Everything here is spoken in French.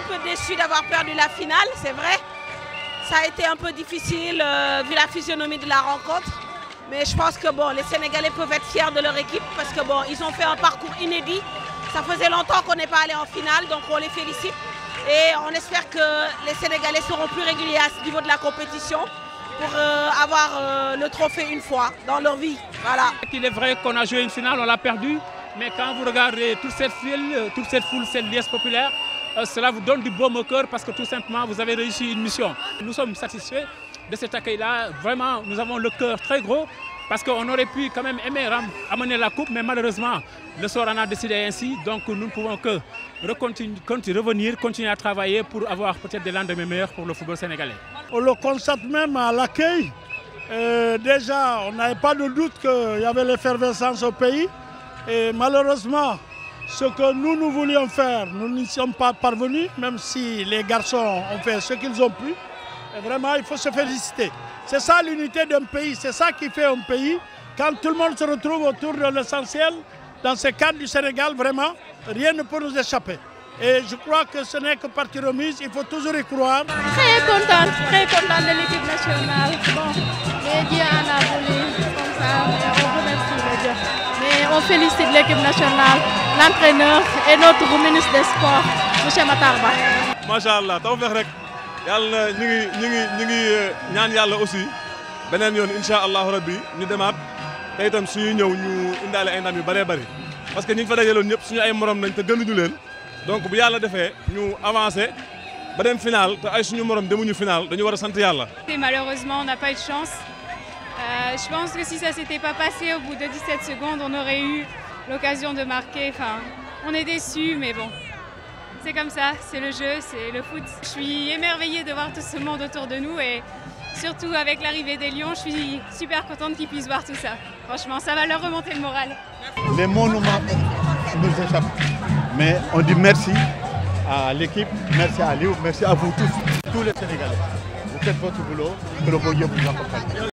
un peu déçu d'avoir perdu la finale, c'est vrai. Ça a été un peu difficile euh, vu la physionomie de la rencontre. Mais je pense que bon, les Sénégalais peuvent être fiers de leur équipe parce que bon, ils ont fait un parcours inédit. Ça faisait longtemps qu'on n'est pas allé en finale, donc on les félicite. Et on espère que les Sénégalais seront plus réguliers à ce niveau de la compétition pour euh, avoir euh, le trophée une fois dans leur vie. Voilà. Il est vrai qu'on a joué une finale, on l'a perdue. Mais quand vous regardez toute cette foule, toute cette foule, cette liesse populaire, euh, cela vous donne du baume au cœur parce que tout simplement, vous avez réussi une mission. Nous sommes satisfaits de cet accueil-là. Vraiment, nous avons le cœur très gros parce qu'on aurait pu quand même aimer amener la coupe, mais malheureusement, le sort en a décidé ainsi. Donc nous ne pouvons que revenir, continuer à travailler pour avoir peut-être des lendemains meilleurs pour le football sénégalais. On le constate même à l'accueil. Euh, déjà, on n'avait pas de doute qu'il y avait l'effervescence au pays. Et malheureusement, ce que nous, nous voulions faire, nous n'y sommes pas parvenus, même si les garçons ont fait ce qu'ils ont pu. Et vraiment, il faut se féliciter. C'est ça l'unité d'un pays, c'est ça qui fait un pays. Quand tout le monde se retrouve autour de l'essentiel, dans ce cadre du Sénégal, vraiment, rien ne peut nous échapper. Et je crois que ce n'est que partie remise, il faut toujours y croire. Très contente, très contente de l'équipe nationale. on félicite l'équipe nationale, l'entraîneur et notre ministre des Sports, M. Matarba. Machallah, taw fex rek yalla ñu ngi ñu ngi ñu ngi euh, ñaan yalla aussi benen yoon inshallah allahu rabbi ñu demat tay tam suñu ñëw ñu indalé ay ndam yu bari bari parce que ñu fa dajaloon ñep suñu ay morom nañ te gënuñu leen donc bu yalla défé ñu avancer ba dem final te ay suñu morom ñu final dañu wara sante yalla malheureusement on n'a pas eu de chance. Euh, je pense que si ça s'était pas passé au bout de 17 secondes, on aurait eu l'occasion de marquer. Enfin, on est déçus, mais bon, c'est comme ça, c'est le jeu, c'est le foot. Je suis émerveillée de voir tout ce monde autour de nous et surtout avec l'arrivée des Lions, je suis super contente qu'ils puissent voir tout ça. Franchement, ça va leur remonter le moral. Les mots nous, nous échappent, mais on dit merci à l'équipe, merci à Liu, merci à vous tous, tous les Sénégalais. Vous faites votre boulot, que le bon vous accompagne.